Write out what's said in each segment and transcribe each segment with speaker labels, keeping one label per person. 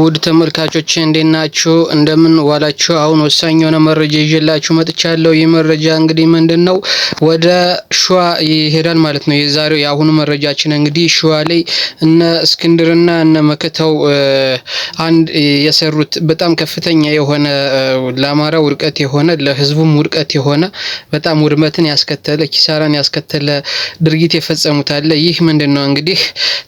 Speaker 1: ውድ ተመልካቾች እንዴት ናችሁ? እንደምን ዋላችሁ? አሁን ወሳኝ የሆነ መረጃ ይዤላችሁ መጥቻለሁ። ይህ መረጃ እንግዲህ ምንድን ነው? ወደ ሸዋ ይሄዳል ማለት ነው። የዛሬው የአሁኑ መረጃችን እንግዲህ ሸዋ ላይ እነ እስክንድርና እነ መከተው አንድ የሰሩት በጣም ከፍተኛ የሆነ ለአማራ ውድቀት የሆነ ለሕዝቡም ውድቀት የሆነ በጣም ውድመትን ያስከተለ ኪሳራን ያስከተለ ድርጊት የፈጸሙት አለ። ይህ ምንድን ነው እንግዲህ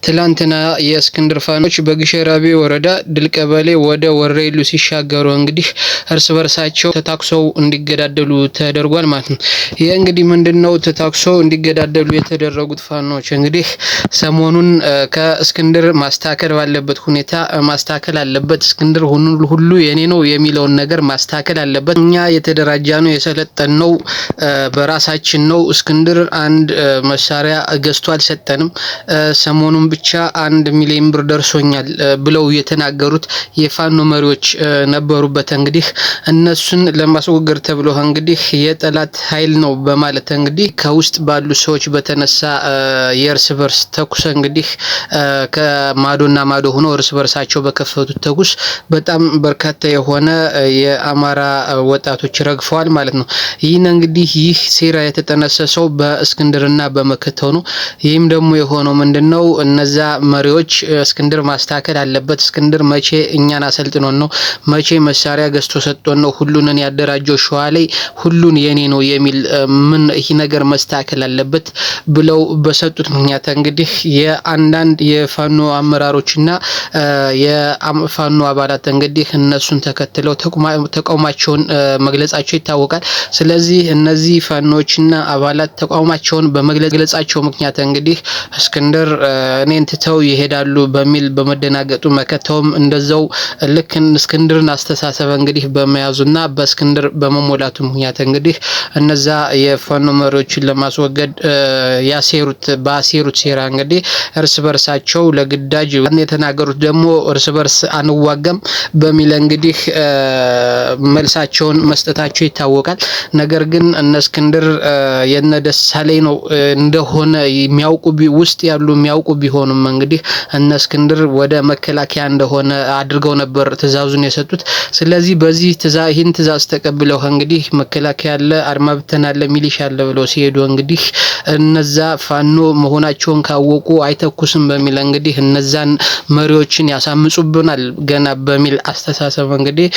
Speaker 1: ትላንትና የእስክንድር ፋኖች በግሸራቤ ወረዳ ድል ቀበሌ ወደ ወረይሉ ሲሻገሩ እንግዲህ እርስ በርሳቸው ተታኩሰው እንዲገዳደሉ ተደርጓል ማለት ነው። ይህ እንግዲህ ምንድነው ተታኩሰው እንዲገዳደሉ የተደረጉት ፋኖች እንግዲህ ሰሞኑን ከእስክንድር ማስተካከል ባለበት ሁኔታ ማስተካከል አለበት። እስክንድር ሁሉ የኔ ነው የሚለውን ነገር ማስተካከል አለበት። እኛ የተደራጃ ነው የሰለጠን ነው በራሳችን ነው። እስክንድር አንድ መሳሪያ ገዝቶ አልሰጠንም። ሰሞኑን ብቻ አንድ ሚሊዮን ብር ደርሶኛል ብለው የተናገ የተናገሩት የፋኖ መሪዎች ነበሩበት። እንግዲህ እነሱን ለማስወገድ ተብሎ እንግዲህ የጠላት ኃይል ነው በማለት እንግዲህ ከውስጥ ባሉ ሰዎች በተነሳ የእርስ በርስ ተኩስ እንግዲህ ከማዶና ማዶ ሆኖ እርስ በርሳቸው በከፈቱት ተኩስ በጣም በርካታ የሆነ የአማራ ወጣቶች ረግፈዋል ማለት ነው። ይህን እንግዲህ ይህ ሴራ የተጠነሰሰው በእስክንድርና በመከተው ነው። ይህም ደግሞ የሆነው ምንድን ነው? እነዛ መሪዎች እስክንድር ማስተካከል አለበት፣ እስክንድር ነገር መቼ እኛን አሰልጥኖን ነው መቼ መሳሪያ ገዝቶ ሰጥቶን ነው ሁሉንን ያደራጀው ሸዋ ላይ ሁሉን የኔ ነው የሚል ምን ይህ ነገር መስተካከል አለበት ብለው በሰጡት ምክንያት እንግዲህ የአንዳንድ የፋኖ አመራሮችና የፋኖ አባላት እንግዲህ እነሱን ተከትለው ተቃውማቸውን መግለጻቸው ይታወቃል። ስለዚህ እነዚህ ፋኖችና አባላት ተቃውማቸውን በመግለጻቸው ምክንያት እንግዲህ እስክንድር እኔን ትተው ይሄዳሉ በሚል በመደናገጡ መከተውም እንደዛው ልክ እስክንድርን አስተሳሰብ እንግዲህ በመያዙና በእስክንድር በመሞላቱ ምክንያት እንግዲህ እነዛ የፋኖ መሪዎችን ለማስወገድ ያሴሩት ባሴሩት ሴራ እንግዲህ እርስ በርሳቸው ለግዳጅ የተናገሩት ደግሞ እርስ በርስ አንዋገም በሚል እንግዲህ መልሳቸውን መስጠታቸው ይታወቃል። ነገር ግን እነ እስክንድር የነ ደሳለኝ ነው እንደሆነ የሚያውቁ ውስጥ ያሉ የሚያውቁ ቢሆኑም እንግዲህ እነ እስክንድር ወደ መከላከያ እንደሆነ እንደሆነ አድርገው ነበር ትእዛዙን የሰጡት። ስለዚህ በዚህ ይህን ትእዛዝ ተቀብለው እንግዲህ መከላከያ አለ፣ አድማ ብተና አለ፣ ሚሊሻ አለ ብለው ሲሄዱ እንግዲህ እነዛ ፋኖ መሆናቸውን ካወቁ አይተኩስም በሚል እንግዲህ እነዛን መሪዎችን ያሳምጹብናል ገና በሚል አስተሳሰብ እንግዲህ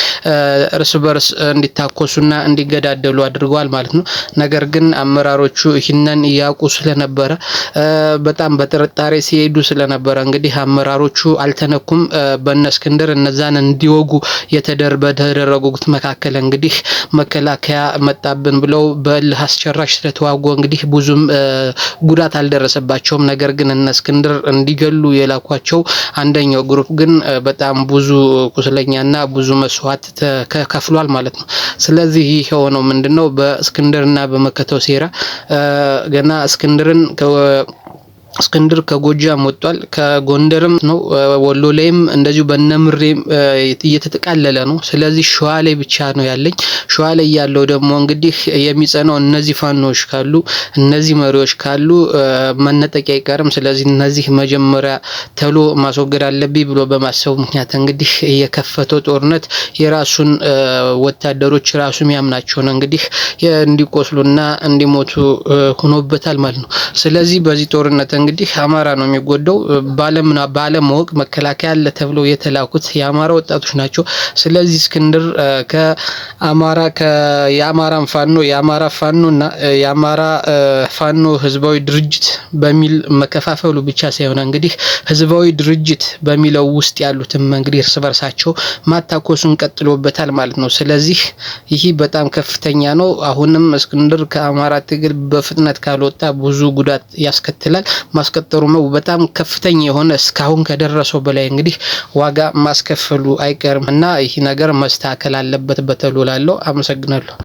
Speaker 1: እርስ በርስ እንዲታኮሱና እንዲገዳደሉ አድርገዋል ማለት ነው። ነገር ግን አመራሮቹ ይህንን እያውቁ ስለነበረ በጣም በጥርጣሬ ሲሄዱ ስለነበረ እንግዲህ አመራሮቹ አልተነኩም። እነ እስክንድር እነዛን እንዲወጉ በተደረጉት መካከል እንግዲህ መከላከያ መጣብን ብለው በእልህ አስጨራሽ ስለተዋጉ እንግዲህ ብዙም ጉዳት አልደረሰባቸውም። ነገር ግን እነ እስክንድር እንዲገሉ የላኳቸው አንደኛው ግሩፕ ግን በጣም ብዙ ቁስለኛና ብዙ መስዋዕት ተከፍሏል ማለት ነው። ስለዚህ ይህ የሆነው ምንድነው በእስክንድርና በመከተው ሴራ ገና እስክንድርን እስክንድር ከጎጃም ወጥቷል። ከጎንደርም ነው ወሎ ላይም እንደዚሁ በነምሬ እየተጠቃለለ ነው። ስለዚህ ሸዋ ላይ ብቻ ነው ያለኝ። ሸዋ ላይ ያለው ደግሞ እንግዲህ የሚጸናው እነዚህ ፋኖዎች ካሉ እነዚህ መሪዎች ካሉ መነጠቂያ አይቀርም። ስለዚህ እነዚህ መጀመሪያ ተሎ ማስወገድ አለብኝ ብሎ በማሰቡ ምክንያት እንግዲህ የከፈተው ጦርነት የራሱን ወታደሮች ራሱ ነው እንግዲህ እንዲቆስሉና እንዲሞቱ ሆኖበታል ማለት ነው። ስለዚህ በዚህ ጦርነት እንግዲህ አማራ ነው የሚጎዳው። ባለማወቅ መከላከያ አለ ተብለው የተላኩት የአማራ ወጣቶች ናቸው። ስለዚህ እስክንድር ከአማራ የአማራን ፋኖ የአማራ ፋኖ እና የአማራ ፋኖ ህዝባዊ ድርጅት በሚል መከፋፈሉ ብቻ ሳይሆን እንግዲህ ህዝባዊ ድርጅት በሚለው ውስጥ ያሉትም እንግዲህ እርስ በርሳቸው ማታኮሱን ቀጥሎበታል ማለት ነው። ስለዚህ ይህ በጣም ከፍተኛ ነው። አሁንም እስክንድር ከአማራ ትግል በፍጥነት ካልወጣ ብዙ ጉዳት ያስከትላል። ማስቀጠሩ ነው በጣም ከፍተኛ የሆነ እስካሁን ከደረሰው በላይ እንግዲህ ዋጋ ማስከፈሉ አይቀርም እና ይህ ነገር መስተካከል አለበት በተሉ ላለው አመሰግናለሁ።